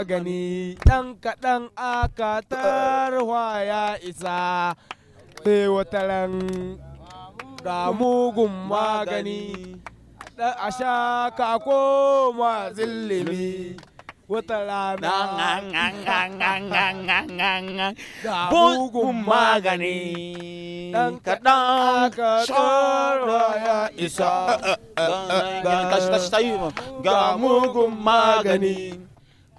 magani ɗan kaɗan aka tarwa ya isa sai wataran mugun magani a sha ka koma zillimi wata rana isa magani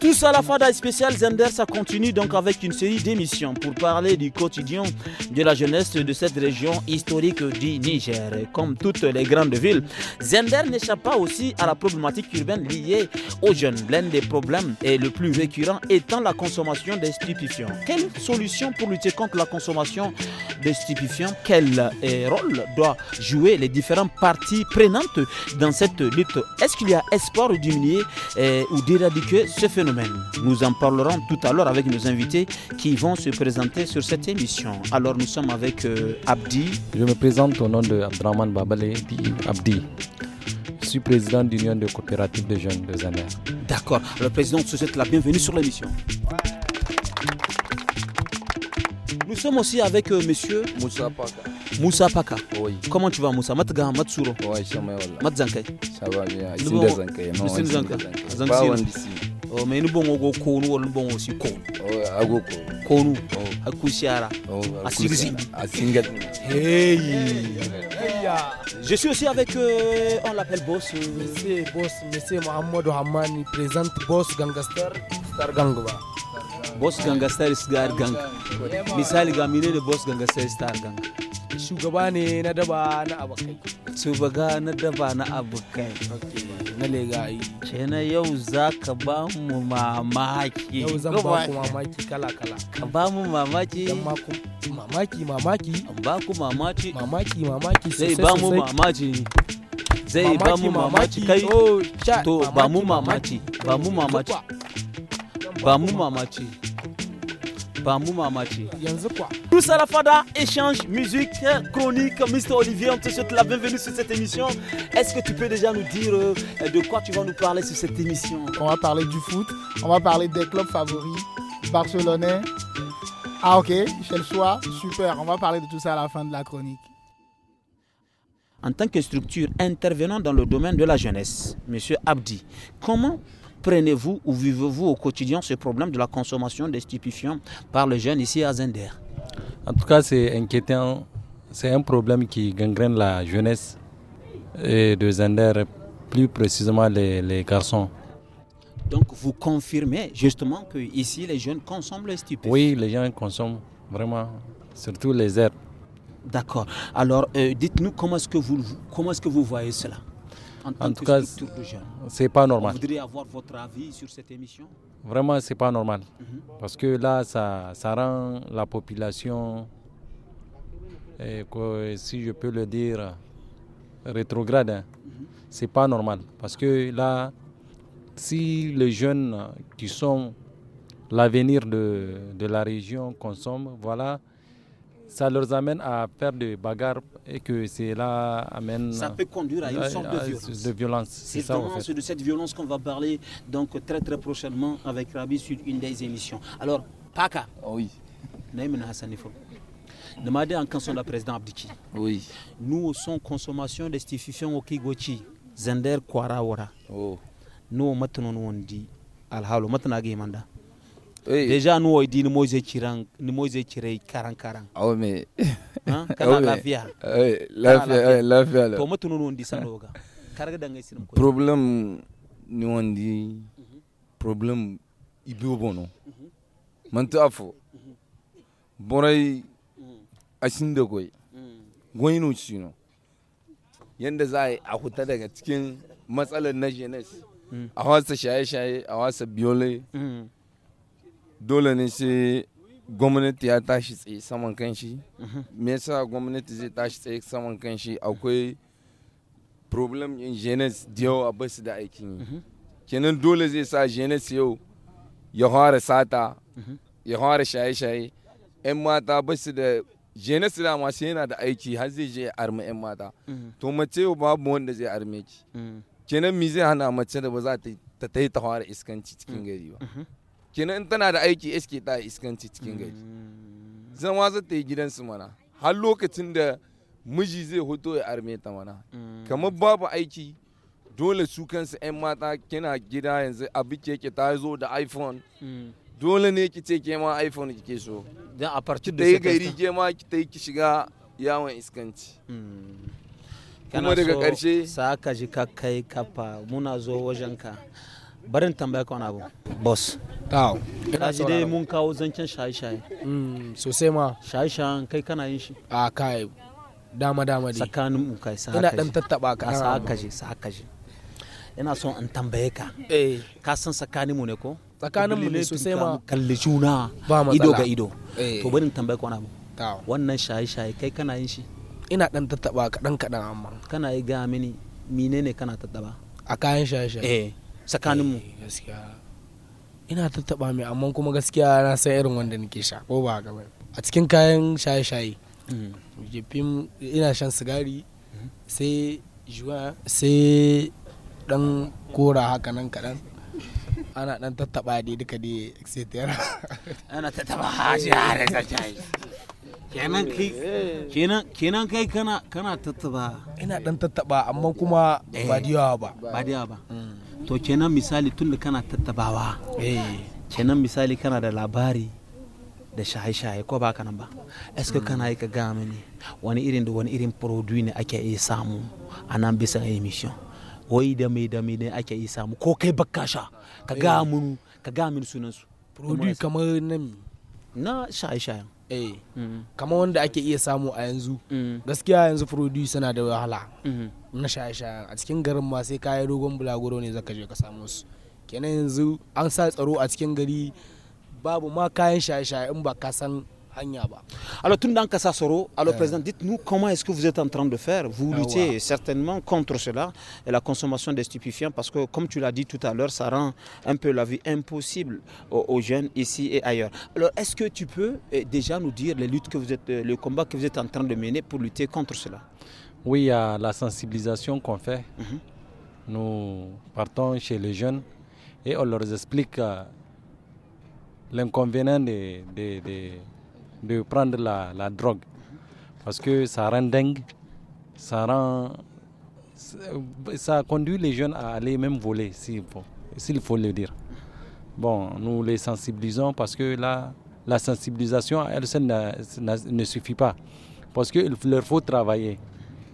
Tout à la Fada spéciale Zender, ça continue donc avec une série d'émissions pour parler du quotidien de la jeunesse de cette région historique du Niger. Comme toutes les grandes villes, Zender n'échappe pas aussi à la problématique urbaine liée aux jeunes. L'un des problèmes et le plus récurrent étant la consommation des stupéfiants. Quelle solution pour lutter contre la consommation des Quel rôle doit jouer les différentes parties prenantes dans cette lutte Est-ce qu'il y a espoir d'humilier eh, ou d'éradiquer ce phénomène nous en parlerons tout à l'heure avec nos invités qui vont se présenter sur cette émission. Alors nous sommes avec euh, Abdi. Je me présente au nom de Abdraman Babale, Abdi. Je suis président d'Union de coopératives de jeunes de Zaner. D'accord. Le président se souhaite la bienvenue sur l'émission. Nous sommes aussi avec euh, monsieur Moussa Paka. Moussa Paka. Comment tu vas Moussa Matga Matsuro. Oui, Ça va bien oh, me ni bongo go konu wol bongo si konu o oh, ago konu hakku oh. siara asigzi oh, asingat hey je suis aussi avec euh, on l'appelle boss euh. monsieur boss monsieur Mohamed Hamani présente boss gangster Star gangwa boss gangster Star Gang misali ga menene boss gangster Star Gang shugaba ne eh, na daba na abokai shugaba na daba na abokai okay na legayi ce na yau za ka ba mu mamaki yau za ba ku mamaki kala kala ka ba mu mamaki mamaki mamaki ba ku mamaki mamaki mamaki sai ba mu mamaki zai ba mu mamaki kai oh, to ba mu mamaki ba mu mamaki ba mu mamaki Bamou Mouma tout ça la fada échange musique chronique Mr Olivier on te souhaite la bienvenue sur cette émission est-ce que tu peux déjà nous dire euh, de quoi tu vas nous parler sur cette émission on va parler du foot on va parler des clubs favoris barcelonais ah ok Michel le super on va parler de tout ça à la fin de la chronique en tant que structure intervenant dans le domaine de la jeunesse, Monsieur Abdi, comment prenez-vous ou vivez-vous au quotidien ce problème de la consommation des stupéfiants par les jeunes ici à Zender En tout cas, c'est inquiétant. C'est un problème qui gangrène la jeunesse de Zender, plus précisément les, garçons. Donc vous confirmez justement que ici les jeunes consomment les stupéfiants Oui, les jeunes consomment vraiment, surtout les herbes. D'accord. Alors euh, dites-nous comment est que vous comment est-ce que vous voyez cela en, tout cas, c'est pas normal. Vous voudriez avoir votre avis sur cette émission Vraiment, c'est pas normal. Mhm. Parce que là, ça, rend la population, si je peux le dire, rétrograde. Hein. Mhm. C'est pas normal. Parce que là, si les jeunes qui sont l'avenir de, de la région consomment, voilà, ça leur amène à faire des bagarres et que cela amène. Ça peut conduire à une sorte de violence. de violence. C'est ça, en fait. de cette violence qu'on va parler donc très très prochainement avec Rabi sur une des émissions. Alors, Paka. Oui. Naïmena Hassanifo. Demandez en canson la président Abdiki. Oui. Nous sommes consommation des stupéfiants au Kigochi, Zender Kwarawara. Oh. Nous, maintenant, on dit Alhalo, maintenant, Manda. oui. déjà ni wai di ni moise ciran ni moise cire karan karan awo me kana lafiya lafiya lafiya to mutunu non di sano ga karga danga sinim ko problem ni wondi problem ibo bono man to afo borai asinda goyi goyi no sino yanda za a huta daga cikin matsalar na jenes mm. a wasa shaye-shaye a wasa biyole mm. dole ne sai gwamnati ya tashi tsaye saman kanshi mhm. me yasa gwamnati zai tashi tsaye saman kanshi akwai problem in jenes da yau a basu da aikin yi mhm. kenan dole zai sa jenes yau ya fara sata mhm. ya fara shaye-shaye 'yan mata basu da jenes da masu yana da aiki har zai je armi 'yan mata to mace yau babu wanda zai arme ki kenan mi zai hana mace da ba za ta ta yi ta fara iskanci cikin gari ba kenan in tana da aiki iske ta iskanci cikin gari hmm. zama za ta yi gidansu mana har lokacin da miji zai hoto ya arme ta mana hmm. kamar babu aiki dole su kansu 'yan mata kina gida yanzu abu ke ta zo da iphone hmm. dole ne ki ce ke ma iphone kike so don a farci da gari ke ma ki ta ki shiga yawon iskanci kuma daga karshe sa ka ji ka kai kafa muna zo wajenka barin tambaya ka wani abu boss tawo ina ji dai mun kawo zancen shaye-shaye hmm, sosai ma shaye-shayen kai kana yin shi a kai dama dama dai tsakanin mu kai sa ina dan tattaba ka sa haka je sa haka je ina son in tambaye ka eh ka san tsakanin mu ne ko tsakanin mu ne sosai ma kalli juna ido ga ido eh. to barin tambaye ka wani abu wannan shaye-shaye kai kana yin shi ina dan tattaba kaɗan kaɗan amma kana yi ga mini mine ne kana tattaba a kayan shaye-shaye eh. sakaninmu. Eh, ina tattaba mai amma kuma gaskiya na san irin wanda nake sha ko ba haka ba a cikin kayan shaye-shaye mm. jefin ina shan sigari mm-hmm. sai juwa sai dan kora haka nan kaɗan ana dan tattaba dai duka dai etc ana tattaba shi har da shaye kenan kai kenan kenan kai kana kana tattaba ina dan tattaba amma kuma eh. ba diyawa ba ba diyawa ba mm. to kenan misali tun da kana tattabawa eh. kenan misali kana da labari da shaye-shaye ko baka nan ba eske mm. kana yi ka gama ne wani irin da wani irin produit ne ake iya samu a nan bisa emission wai da mai da mai ne ake iya samu ko kai baka sha ka gaya eh. ka gaya sunan su produit kamar na na shaye-shayen eh mm. kamar wanda ake iya samu a yanzu mm. gaskiya yanzu produce suna da wahala mm-hmm. na shaye shaye a cikin garin ma sai kayan dogon bulaguro ne zaka je ka samu su kenan yanzu an sa tsaro a cikin gari babu ma kayan shaye-shaye in ba ka san Alors, tout dans alors euh. président, dites-nous comment est-ce que vous êtes en train de faire Vous ah, luttez certainement contre cela, et la consommation des stupéfiants, parce que comme tu l'as dit tout à l'heure, ça rend un peu la vie impossible aux, jeunes ici et ailleurs. Alors, est-ce que tu peux eh, déjà nous dire les luttes que vous êtes, euh, le combat que vous êtes en train de mener pour lutter contre cela Oui, il y a la sensibilisation qu'on fait. Mhm. Nous partons chez les jeunes et on leur explique euh, l'inconvénient des de prendre la, la drogue. Parce que ça rend dingue, ça rend. Ça conduit les jeunes à aller même voler, s'il faut, s'il faut le dire. Bon, nous les sensibilisons parce que là, la sensibilisation, elle seule ne suffit pas. Parce qu'il leur faut travailler,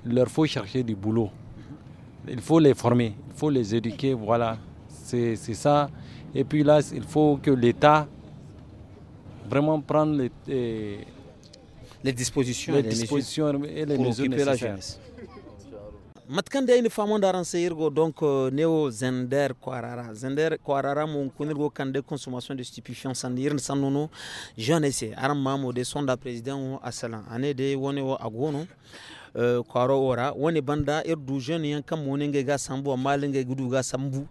il leur faut chercher du boulot, il faut les former, il faut les éduquer, voilà. C'est ça. Et puis là, il faut que l'État vraiment prendre les, les, eh, les dispositions, les, les dispositions et les mesures de la jeunesse. matkande ayni famonda ran seyirgo donc euh, neo zender kwarara zender koarara mo kunirgo kande consommation de stupéfiants san yirn sannuno jeune ese aran mamo de sonda président o asalan ane de woni agono eh, kwaro ora woni banda ir dujen yan kan monin ga sambu amma linga gudu ga sambu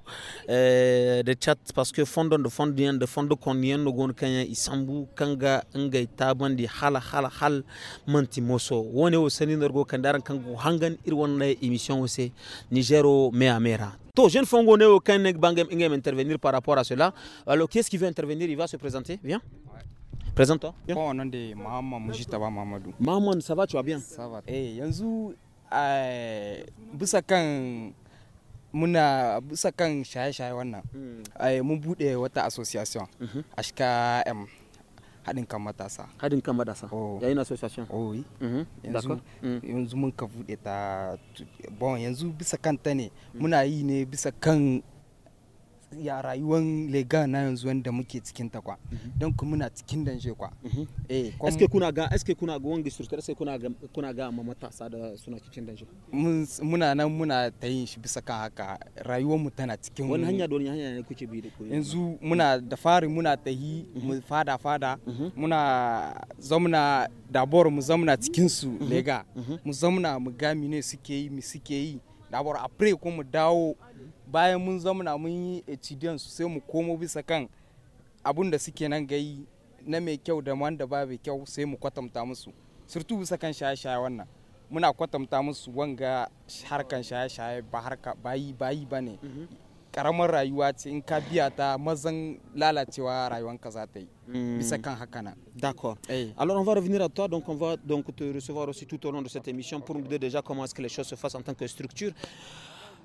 eh, De chat parce que fondon de fond bien de fond kon yan no gon kan isambu kanga ngai tabandi di hala hala hal manti moso woni o sanin go kan daran hangan ir wannan emission ose nigero me amera To, jeune Fongo aucun Kenek Bangem Ingem intervenir par rapport à cela. Alors, qui est-ce qui veut intervenir Il va se présenter. Viens. Ouais. Présente-toi. Bon, oh, nom de Mahaman Mujitaba Mamadou. Mahaman, ça va, tu vas bien Ça va. Eh, yanzu eh, muna bisa kan shaye-shaye wannan. Hmm. Eh, mun bude wata association. Mhm. m haɗin kan matasa haɗin kan matasa oh. yayin association oh, oui. mm yanzu, mun ka ta bon yanzu bisa kanta ne hmm. muna yi ne bisa ya rayuwan lega na yanzu wanda muke cikin ta kwa mhm. don ku muna cikin danje kwa mhm. eh eske kuna ga eske kuna ga wanga surtar sai kuna ga kuna ga amma matasa da suna cikin danje muna nan muna ta yin shi bisa kan haka rayuwar mu tana cikin wani hanya da wani hanya ne kuke bi da koyi yanzu muna da fari muna tahi mhm. mu fada fada muna zamuna dabor mu zamuna cikin su lega mu zamuna mu ga mine suke yi mu suke yi dabar apre ko mu dawo bayan mun zamana mun yi etidiyan su sai mu komo bisa kan abun da suke nan gai na mai kyau da wanda ba mai kyau sai mu kwatanta musu surtu bisa kan shaye-shaye wannan muna kwatanta musu wanga harkan shaye-shaye ba yi ba ne mm-hmm. d'accord alors on va revenir à toi donc on va donc te recevoir aussi tout au long de cette émission pour nous dire déjà comment est-ce que les choses se fassent en tant que structure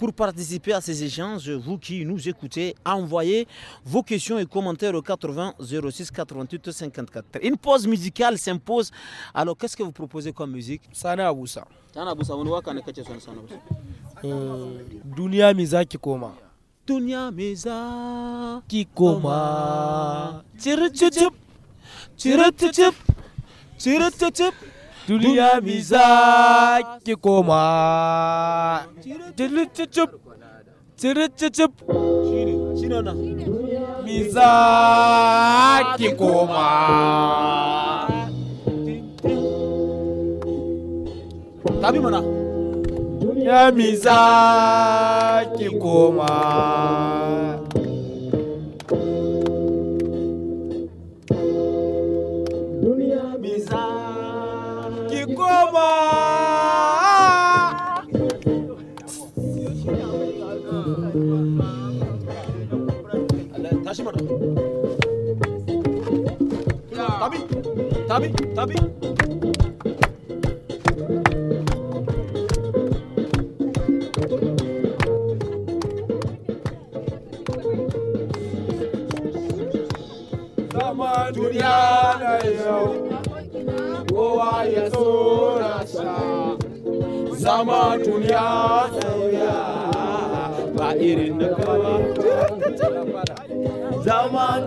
Pour participer à ces échanges, vous qui nous écoutez, envoyez vos questions et commentaires au 80 06 88 54. Une pause musicale s'impose. Alors, qu'est-ce que vous proposez comme musique Sana Aboussa. Sana Aboussa, on voit qu'on est catché sur Sana Aboussa. Euh, Dunia Koma. Dunia Kikoma. Koma. duniya mi za ki koma tilicicip tilicicip za ki koma tabi mana ya za ki koma Tabii, tabii. Zaman dunia na yau, ya Zaman Zaman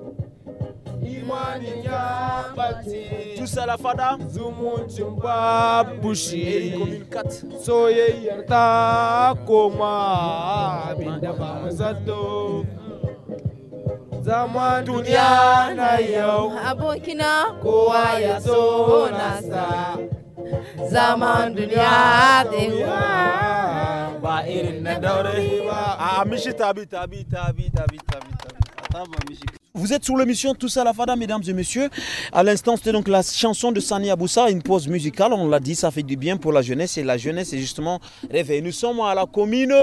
imanin ya bace tusala fada babu shi soyayyar ta koma abinda ba mu zaman duniya na yau abokina kowa ya so nasa zaman ba irin na daure ba a ah, mishi tabi tabi tabi tabi tabi tabi Vous êtes sur l'émission Tous à la Fada, mesdames et messieurs. À l'instant, c'était donc la chanson de Sani Aboussa, une pause musicale. On l'a dit, ça fait du bien pour la jeunesse et la jeunesse est justement réveillée. Nous sommes à la commune.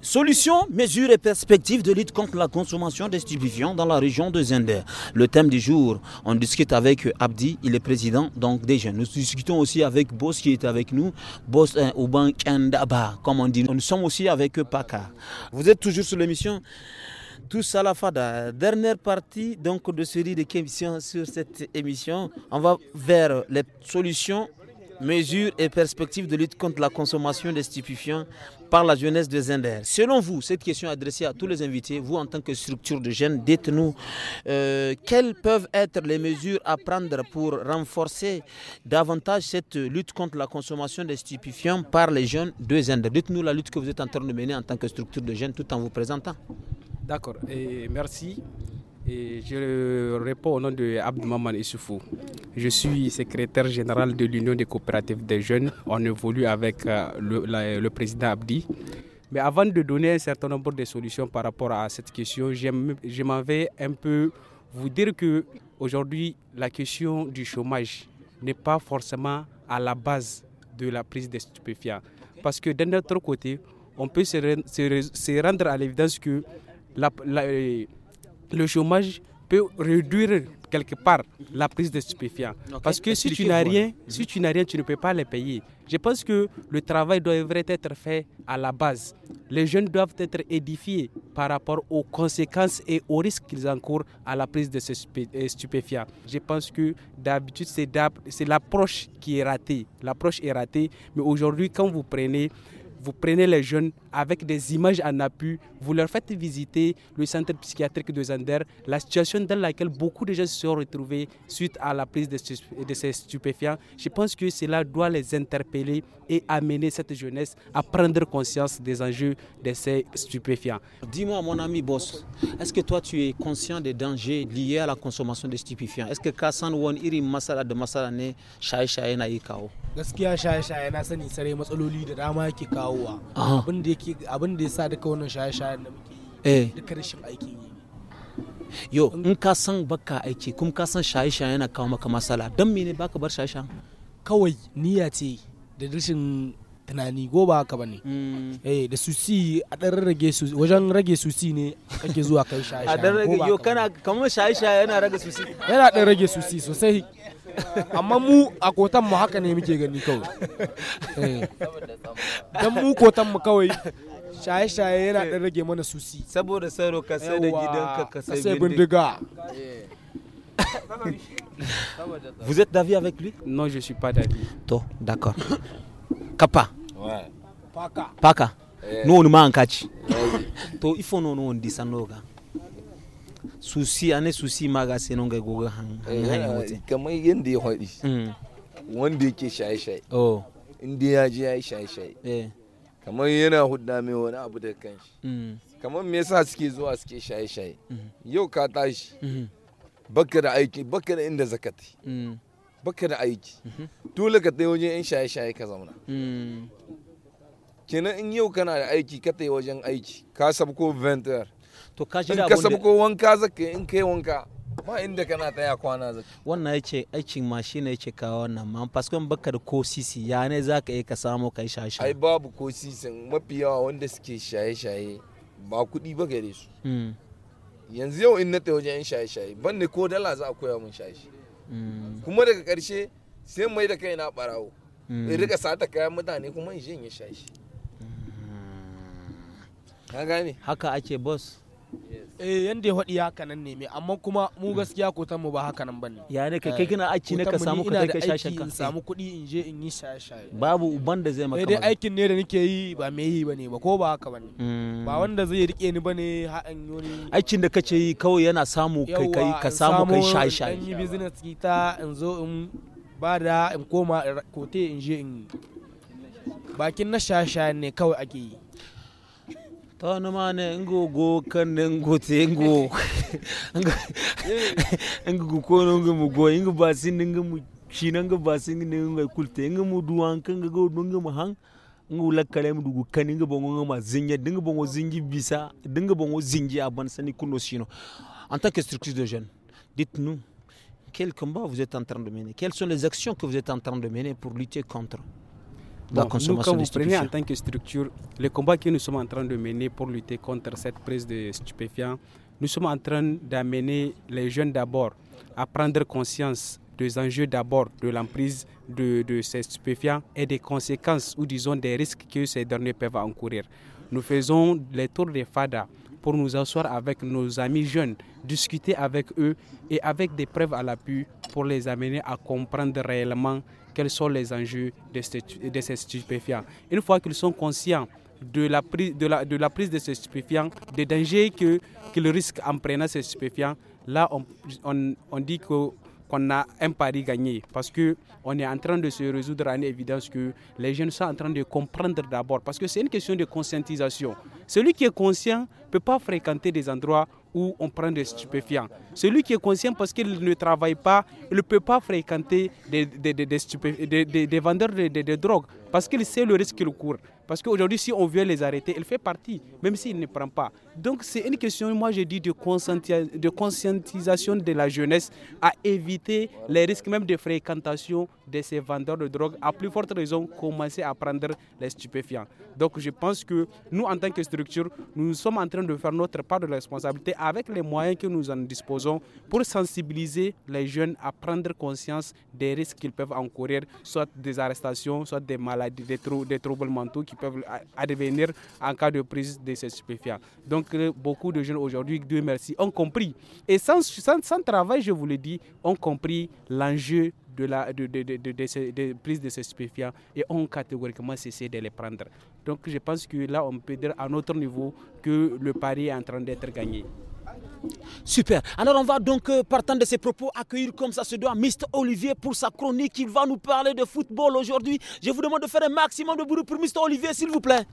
Solutions, mesures et perspectives de lutte contre la consommation des stupéfiants dans la région de Zender. Le thème du jour, on discute avec Abdi, il est président donc des jeunes. Nous discutons aussi avec Boss qui est avec nous, Boss hein, Ouban Kandaba, comme on dit. Nous sommes aussi avec Paka. Vous êtes toujours sur l'émission tous à la fada. Dernière partie donc de série de questions sur cette émission. On va vers les solutions mesures et perspectives de lutte contre la consommation des stupéfiants par la jeunesse de Zender. Selon vous, cette question adressée à tous les invités, vous en tant que structure de jeunes, dites-nous euh, quelles peuvent être les mesures à prendre pour renforcer davantage cette lutte contre la consommation des stupéfiants par les jeunes de Zender. Dites-nous la lutte que vous êtes en train de mener en tant que structure de jeunes tout en vous présentant. D'accord, et merci je réponds au nom de Maman Issoufou. Je suis secrétaire général de l'Union des coopératives des jeunes. On évolue avec euh, le, président Abdi. Mais avant de donner un certain nombre de solutions par rapport à cette question, je m'en vais un peu vous dire que aujourd'hui, la question du chômage n'est pas forcément à la base de la prise des stupéfiants. Parce que d'un autre côté, on peut se, rendre à l'évidence que la, la le chômage peut réduire quelque part la prise de stupéfiants. Parce que si tu n'as rien, si tu n'as rien, tu ne peux pas les payer. Je pense que le travail devrait être fait à la base. Les jeunes doivent être édifiés par rapport aux conséquences et aux risques qu'ils encourent à la prise de ces euh, stupéfiants. Je pense que d'habitude, c'est l'approche qui est ratée. L'approche est ratée, mais aujourd'hui, quand vous prenez vous prenez les jeunes avec des images en appui, vous leur faites visiter le centre psychiatrique de Zander, la situation dans laquelle beaucoup de jeunes se sont retrouvés suite à la prise de, ces stupéfiants. Je pense que cela doit les interpeller et amener cette jeunesse à prendre conscience des enjeux de ces stupéfiants. Dis-moi, mon ami Boss, est-ce que toi tu es conscient des dangers liés à la consommation de stupéfiants Est-ce que Kassan Won Iri Masala de Masala ne Shai dawowa abin da yake sa duka wannan shaye-shayen da muke yi eh. duka rashin aikin yi yo in ka san baka aiki kuma ka san shaye-shaye yana kawo maka masala don mene baka bar shaye-shayen kawai niyya ce da rashin tunani go ba haka bane mm. eh da susi a dan rage su wajen rage susi ne kake zuwa kai shaye-shaye a dan rage yo kana kamar shaye-shaye yana rage susi yana dan rage susi sosai amma mu a mu haka ne muke gani kawai eh. dan mu kotan mu kawai shaye-shaye yana dan rage mana susi saboda sai da gidanka ka sai Vous êtes d'avis avec lui Non, je suis pas d'avis. d'accord. Kapa. Paka. Paka. Eh. Nous, on manque. To, il faut nous, on dit susi ane susi maga sai non ga goga hanyar eh, mutum kamar yadda ya haɗi mm. wanda yake shaye-shaye oh. inda ya je ya yi shaye-shaye eh. kamar yana hudda mai wani abu da shi mm. kamar me yasa suke zuwa suke shaye-shaye mm. yau ka tashi baka da aiki baka da inda zakati baka da aiki mm-hmm. dole ka tai wajen yan shaye-shaye ka zauna kenan in yau kana da aiki ka tai wajen aiki ka sabko venture to ka shi da ka da ko wanka zaka in kai wanka ma inda kana ya kwana zaka wannan yace aikin mashina shi ne yake kawo wannan ma paske in baka ko sisi ya ne zaka yi ka samu kai shashi ai babu ko sisi mafi yawa wanda suke shaye shaye ba kudi ba gare su hmm. yanzu yau in na ta wajen shaye shaye ban ne ko dala za a koya mun shaye hmm. kuma daga karshe sai mai da kai na barawo in hmm. rika sata kayan mutane kuma in je in ya shaye ka gane haka ake boss eh yanda ya faɗi haka nan ne amma kuma mu hmm. gaskiya kotan mu ba haka nan bane ya ne kai Kina eh, aiki ne ka samu ka kai shashen ka samu eh. kuɗi in je in yi shashaye babu uban da zai maka eh, dai aikin ne da nake yi ba me yi bane ba ko ba haka bane hmm. ba wanda zai rike ni bane ha an yi aikin da kace yi kawai yana samu kai kai ka samu kai shashaye an yi business kita in zo in ba da in koma kote in je in bakin na shashaye ne kawai ake yi to mane ngo go kan ngo te ngo ngo go ko ngo mu mu china ngo ba sin ngo kulte ngo mu duwan kan go ngo mu hang ngo la kale mu dugu kan ngo bongo ngo ma zinya bongo zingi bisa dingo bongo zingi aban sani kuno sino en tant que structure de jeunes dites-nous quel combat vous êtes en train de mener quelles sont les actions que vous êtes en train de mener pour lutter contre la consommation nous, de en tant que structure, le combat que nous sommes en train de mener pour lutter contre cette prise de stupéfiants, nous sommes en train d'amener les jeunes d'abord à prendre conscience des enjeux d'abord de l'emprise de, de, ces stupéfiants et des conséquences ou disons des risques que ces derniers peuvent encourir. Nous faisons les tours des FADA pour nous asseoir avec nos amis jeunes, discuter avec eux et avec des preuves à l'appui pour les amener à comprendre réellement quels sont les enjeux de, ces stupéfiants. Une fois qu'ils sont conscients de la, prise, de, la, de la prise de ces stupéfiants, des dangers qu'ils risquent en prenant ces stupéfiants, là, on, on, on dit qu'on a un pari gagné parce que on est en train de se résoudre à une évidence que les jeunes sont en train de comprendre d'abord parce que c'est une question de conscientisation. Celui qui est conscient ne peut pas fréquenter des endroits où on prend des stupéfiants. Celui qui est conscient parce qu'il ne travaille pas, il ne peut pas fréquenter des, des, des, vendeurs de, drogue parce qu'il sait le risque qu'il court. Parce qu'aujourd'hui, si on veut les arrêter, elle fait partie, même s'il ne prend pas. Donc c'est une question, moi j'ai dit, de, de conscientisation de la jeunesse à éviter les risques même de fréquentation de ces vendeurs de drogue. À plus forte raison, commencer à prendre les stupéfiants. Donc je pense que nous, en tant que structure, nous sommes en train de faire notre part de responsabilité avec les moyens que nous en disposons pour sensibiliser les jeunes à prendre conscience des risques qu'ils peuvent encourir, soit des arrestations, soit des maladies, des, des troubles mentaux qui peuvent advenir en cas de prise de ces stupéfiants. Donc euh, beaucoup de jeunes aujourd'hui, Dieu merci, ont compris. Et sans, sans, travail, je vous le dis, ont compris l'enjeu de la prise de ces stupéfiants et ont catégoriquement cessé de les prendre. Donc je pense que là, on peut dire à notre niveau que le pari est en train d'être gagné. Super. Alors on va donc, euh, partant de ces propos, accueillir comme ça se doit Mr. Olivier pour sa chronique. Il va nous parler de football aujourd'hui. Je vous demande de faire un maximum de bruit pour Mr. Olivier, s'il vous plaît.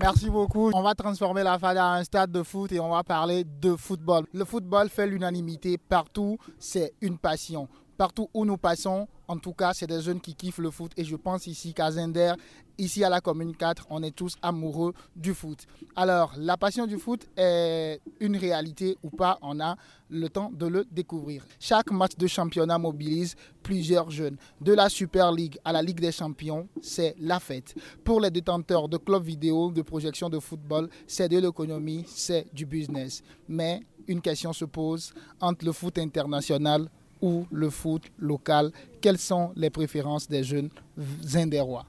Merci beaucoup. On va transformer la FADA en un stade de foot et on va parler de football. Le football fait l'unanimité partout. C'est une passion. Partout où nous passons, en tout cas, c'est des jeunes qui kiffent le foot. Et je pense ici qu'à Zender, ici à la Commune 4, on est tous amoureux du foot. Alors, la passion du foot est une réalité ou pas, on a le temps de le découvrir. Chaque match de championnat mobilise plusieurs jeunes. De la Super League à la Ligue des Champions, c'est la fête. Pour les détenteurs de clubs vidéo, de projections de football, c'est de l'économie, c'est du business. Mais une question se pose entre le foot international ou le foot local Quelles sont les préférences des jeunes rois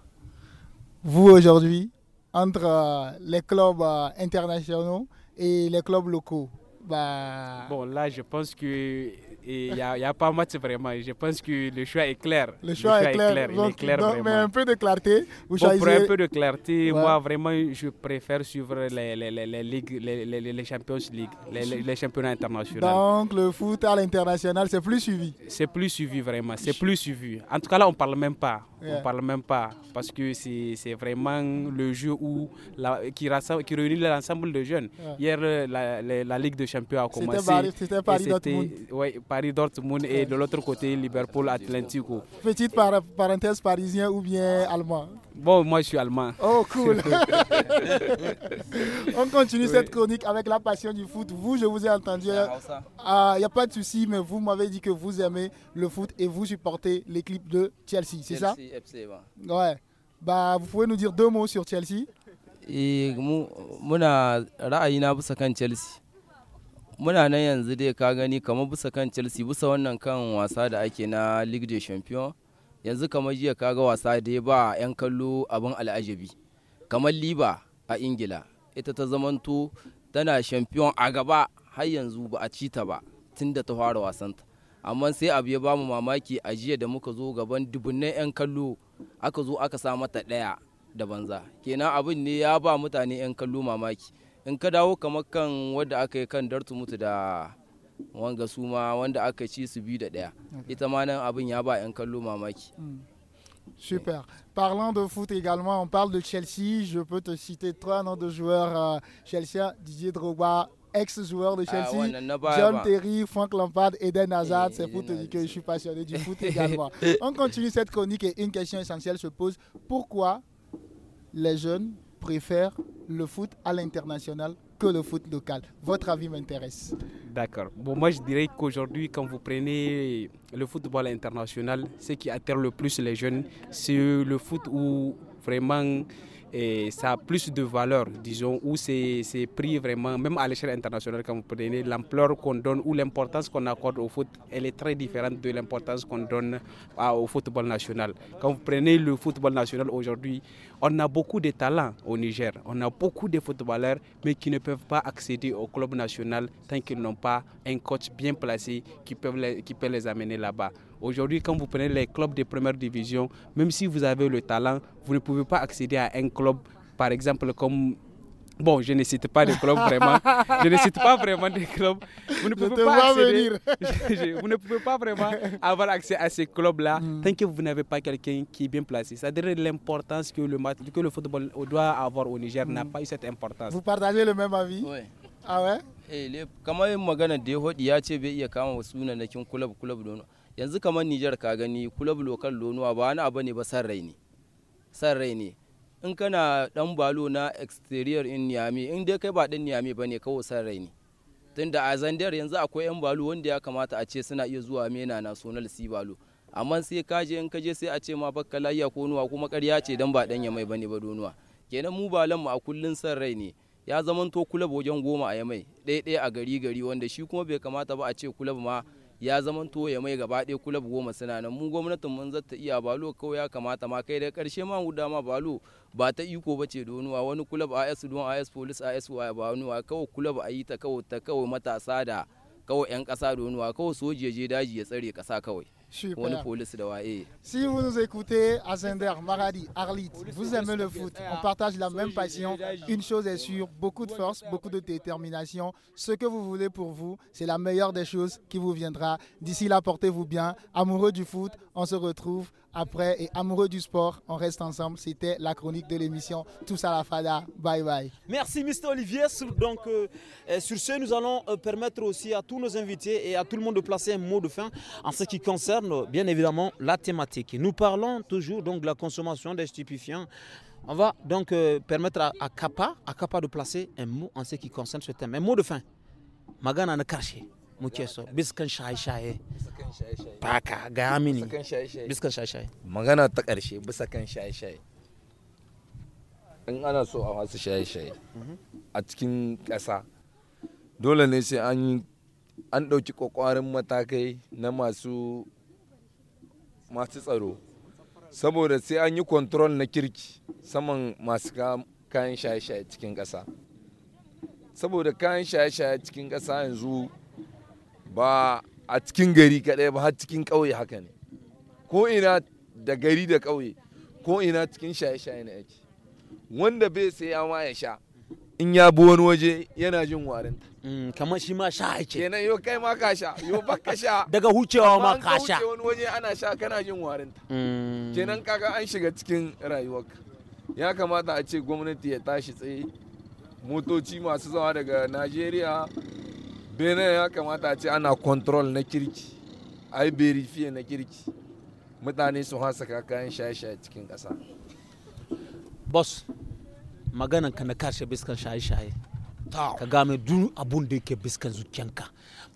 Vous aujourd'hui, entre euh, les clubs euh, internationaux et les clubs locaux bah... Bon, là, je pense que il n'y a, y a, pas match vraiment. Je pense que le choix est clair. Le choix, est, clair. il est clair donc, mais un peu de clarté. pour un peu de clarté, moi vraiment, je préfère suivre les, les, les, ligues, les, Champions League, les, championnats internationaux. Donc le foot à l'international, c'est plus suivi. C'est plus suivi vraiment. C'est plus suivi. En tout cas, là, on ne parle même pas. On On parle même pas parce que c'est vraiment le jeu où la, qui, rassemble, qui réunit l'ensemble de jeunes. Hier, euh, la, la, Ligue des Champions a commencé. C'était Paris, Paris Paris Dortmund et de l'autre côté Liverpool Atlantico. Petite parenthèse parisien ou bien allemand Bon, moi je suis allemand. Oh, cool. On continue cette chronique avec la passion du foot. Vous, je vous ai entendu. Il n'y ah, a pas de souci, mais vous m'avez dit que vous aimez le foot et vous supportez l'équipe de Chelsea, c'est ça Chelsea, FC, Ouais. Bah, vous pouvez nous dire deux mots sur Chelsea Et, mon, ra'ayina kan Chelsea. muna nan yanzu dai ka gani kamar bisa kan chelsea bisa wannan kan wasa da ake na league de champion yanzu kamar jiya kaga wasa da ya ba 'yan kallo abin al'ajabi kamar liba a ingila ita ta zamanto tana champion a gaba har yanzu ba a ci ta ba tun da ta fara wasanta amma sai abu ya bamu mamaki a jiya da muka zo gaban dubunnan 'yan kallo aka zo aka sa mata ɗaya da banza kenan abin ne ya ba mutane 'yan kallo mamaki kamar kan aka yi kan mutu da wanga su ma wanda aka ci su da ita ma nan abin ya hmm. Super. Parlant de foot également, on parle de Chelsea. Je peux te citer trois noms de joueurs euh, Chelsea, Didier Drogba, ex-joueur de ah, Chelsea, bah, John bah. Terry, Frank Lampard, Eden Hazard. Eh, c'est pour te dire que je suis passionné du foot également. On continue cette chronique et une question essentielle se pose. Pourquoi les jeunes préfère le foot à l'international que le foot local. Votre avis m'intéresse. D'accord. Bon, moi, je dirais qu'aujourd'hui, quand vous prenez le football international, ce qui attire le plus les jeunes, c'est le foot où vraiment eh, ça a plus de valeur, disons, où c'est pris vraiment, même à l'échelle internationale, quand vous prenez l'ampleur qu'on donne ou l'importance qu'on accorde au foot, elle est très différente de l'importance qu'on donne ah, au football national. Quand vous prenez le football national aujourd'hui, on a beaucoup de talents au Niger, on a beaucoup de footballeurs, mais qui ne peuvent pas accéder au club national tant qu'ils n'ont pas un coach bien placé qui peut les, qui peut les amener là-bas. Aujourd'hui, quand vous prenez les clubs de première division, même si vous avez le talent, vous ne pouvez pas accéder à un club, par exemple, comme Bon, je ne cite pas de clubs, vraiment. Je ne cite pas vraiment de clubs. Vous ne pouvez, pas, venir. je, vous ne pouvez pas vraiment avoir accès à ces clubs-là mm. tant que vous n'avez pas quelqu'un qui est bien placé. C'est-à-dire l'importance que le, que le football doit avoir au Niger n'a mm. pas eu cette importance. Vous partagez le même avis Oui. Ah ouais Eh, kamar yin magana da ya ce bai iya kama wasu sunanakin club. club dono. Yanzu kamar Nijar ka gani kulab lokal donuwa ba wani abu ne ba san rai ne. San rai in kana dan balo na exterior in niyami in dai kai ba dan niyami bane ne kawo san rai ne tunda a zandar yanzu akwai yan balo wanda ya kamata a ce suna iya zuwa mena national si balo amma sai ka je in ka je sai a ce ma bakka layya ko nuwa kuma ƙarya ce dan ba dan yamai bane ba donuwa kenan mu balan mu a kullun san rai ne ya zamanto kulab wajen goma a yamai ɗaya ɗaya a gari gari wanda shi kuma bai kamata ba a ce kulab ma ya zamanto ya mai gaba ɗaya kulab goma suna nan mu gwamnatin mun zata iya balo kawai ya kamata ma kai da karshe ma mu dama balo ba ta iko ba ce donuwa wani kulab AS don AS police AS wa ba wa kawai kulab ayi ta kawai ta kawai matasa da kawai 'yan ƙasa donuwa kawai je daji ya tsare ƙasa kawai si vous nous écoutez, Asender, Maradi, Arlit, vous aimez le foot, on partage la même passion. Une chose est sûre, beaucoup de force, beaucoup de détermination. Ce que vous voulez pour vous, c'est la meilleure des choses qui vous viendra. D'ici là, portez-vous bien. Amoureux du foot, on se retrouve après et amoureux du sport. On reste ensemble. C'était la chronique de l'émission Tous à la Fada. Bye bye. Merci, Mr. Olivier. Donc, euh, euh, sur ce, nous allons euh, permettre aussi à tous nos invités et à tout le monde de placer un mot de fin en ce qui concerne, bien évidemment, la thématique. Nous parlons toujours donc, de la consommation des stupéfiants. On va donc permettre à, à Kappa, à Kappa de placer un mot en ce qui concerne ce thème. Un mot de fin. Magana karché muke so biskan shaye-shaye baka gaya mini biskan shaye-shaye magana ta ƙarshe bisa kan shaye-shaye in ana so a wasu shaye-shaye a cikin ƙasa dole ne sai an yi an ɗauki ƙwaƙwarin matakai na masu masu tsaro saboda sai an yi kontrol na kirki saman masu kayan shaye-shaye cikin ƙasa saboda kayan shaye-shaye cikin ƙasa yanzu ba a cikin gari kaɗai ba har cikin ƙauye haka ne ko ina da gari da ƙauye ko ina cikin shaye-shaye na yake wanda bai sai ya ma ya sha in ya bi wani waje yana jin warinta mm, kamar shi ma sha ake kenan yo kai ma ka sha yo baka sha daga hucewa ma ka sha wani waje ana sha kana jin warinta mm. kenan kaga an shiga cikin rayuwarka ya kamata a ce gwamnati ya tashi tsaye motoci masu zawa daga najeriya benin ya kamata a ce ana control na kirki ai berifiye na kirki mutane su hasaka kayan shaye-shaye cikin ƙasa boss maganan ka na kashe biskan shaye-shaye ka game dun abun da yake biskan zukenka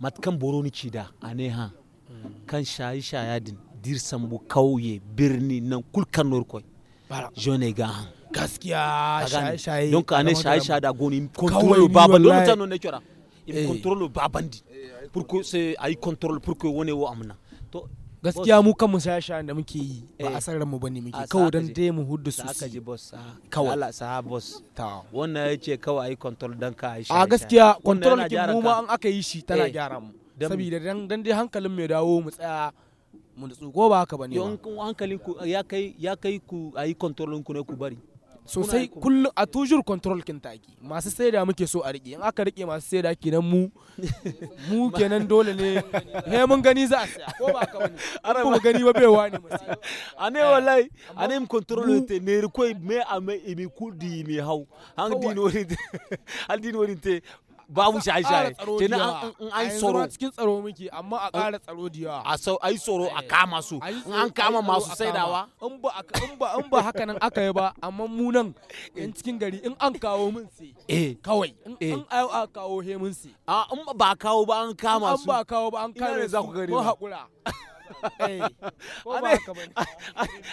matakan boroni ci da a ne ha mm. kan shaye-shaye din dirsan bu kauye birni nan kulkan norkoi jone ga han gaskiya shaye-shaye don ka ne shaye-shaye da goni kontrol babu lokacin nan ne kyora in eh. control ba bandi eh, pour que sai ayi control pour que wani wo amna to gaskiya mu kanmu sashen da muke yi ba eh. a san mu bane muke kawai dan dai mu huddu su aka ji boss kawai Allah sa boss ta wannan yace kawai ayi control dan ka shi a gaskiya control kin mu ma an aka yi shi tana gyara mu saboda dan dan dai hankalin mu ya dawo mu tsaya mu nutsu ko ba haka bane yo hankalin ku ya kai ya kai ku ayi control ku ne ku bari sosai kullum a toujours control kin taki masu da muke so a rike in aka rike masu da kenan mu mu kenan dole ne he mun gani za a saya ko ba ka wani mu gani ba bai ne eh, mu ne wallahi ane mu control te ne ko me a me e mi kudi mi hau han dino ni te han dino ni te Ba mu shaye shaye kenan in an a cikin tsaro muke amma a ƙara tsaro da yawa a sau ai eh. tsaro a kama su an kama masu saidawa in ba in ba in ba haka nan aka yi ba amma mu nan in cikin gari in an kawo mun sai eh kawai in eh. ayo a kawo he mun sai a in ba kawo ba an kama su An ba kawo ba an kama su mun haƙura eh.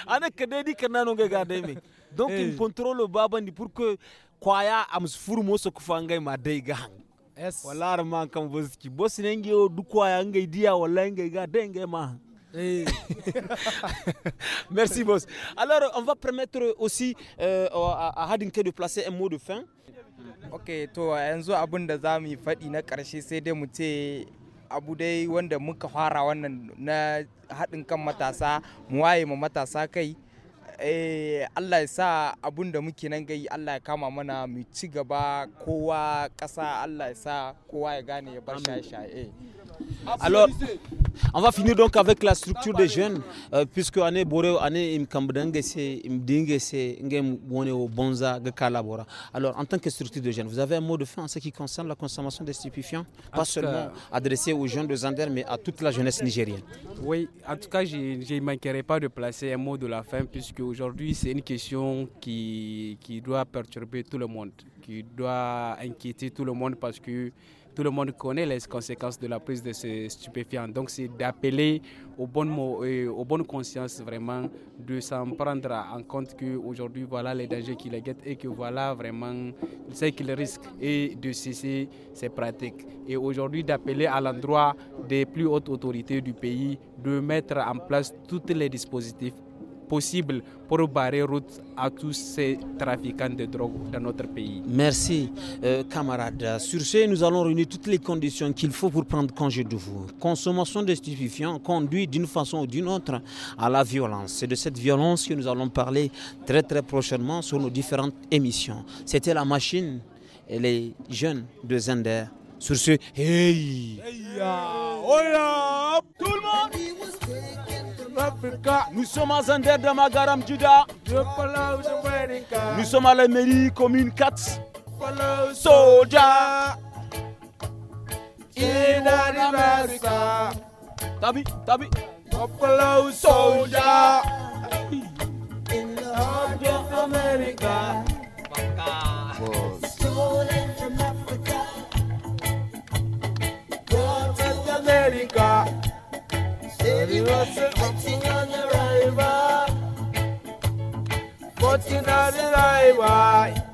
ana ka dai dika nanu ga ga dai me donc il contrôle babandi pour que kwaya am furmo so kufangay ma dai ga hang yes wala ar kan voski bosi ne o dukwa ya ngai dia wala ngai ga denge ma Hey. Eh. Merci boss. Alors on va permettre aussi euh, à, à Hadinke de placer un mot de fin. Ok to yanzu abin da za mu yi faɗi na ƙarshe sai dai mu ce abu dai wanda muka fara wannan na haɗin kan matasa mu waye ma matasa kai Eh, Allah ya sa abun da muke nan gai Allah ya kama mana mu ci gaba kowa ƙasa Allah ya sa kowa ya gane ya bar shaye-shaye eh. Alors, on va finir donc avec la structure des jeunes, euh, puisque bore c'est ngem bonza Alors, en tant que structure de jeunes, vous avez un mot de fin en ce qui concerne la consommation des stupéfiants, pas seulement euh, adressé aux jeunes de Zander, mais à toute la jeunesse nigérienne. Oui, en tout cas, je ne manquerai pas de placer un mot de la fin, puisque aujourd'hui c'est une question qui, qui doit perturber tout le monde, qui doit inquiéter tout le monde parce que tout le monde connaît les conséquences de la prise de ces stupéfiants. Donc c'est d'appeler aux euh, bonnes, consciences vraiment, de s'en prendre en compte qu'aujourd'hui, voilà les dangers qui les guettent et que voilà vraiment ce qu'ils risquent et de cesser ces pratiques. Et aujourd'hui, d'appeler à l'endroit des plus hautes autorités du pays de mettre en place tous les dispositifs possible pour barrer route à tous ces trafiquants de drogue dans notre pays. Merci, euh, camarades. Sur ce, nous allons réunir toutes les conditions qu'il faut pour prendre congé de vous. Consommation de stupéfiants conduit d'une façon ou d'une autre à la violence. C'est de cette violence que nous allons parler très très prochainement sur nos différentes émissions. C'était la machine et les jeunes de Zender. Sur ce, hey ah! Nous sommes à Zander de Magaram Juda. Nous sommes à la mairie commune 4. Soja. In America. Tabi, tabi. In America. Baka. Stolen from America. ti na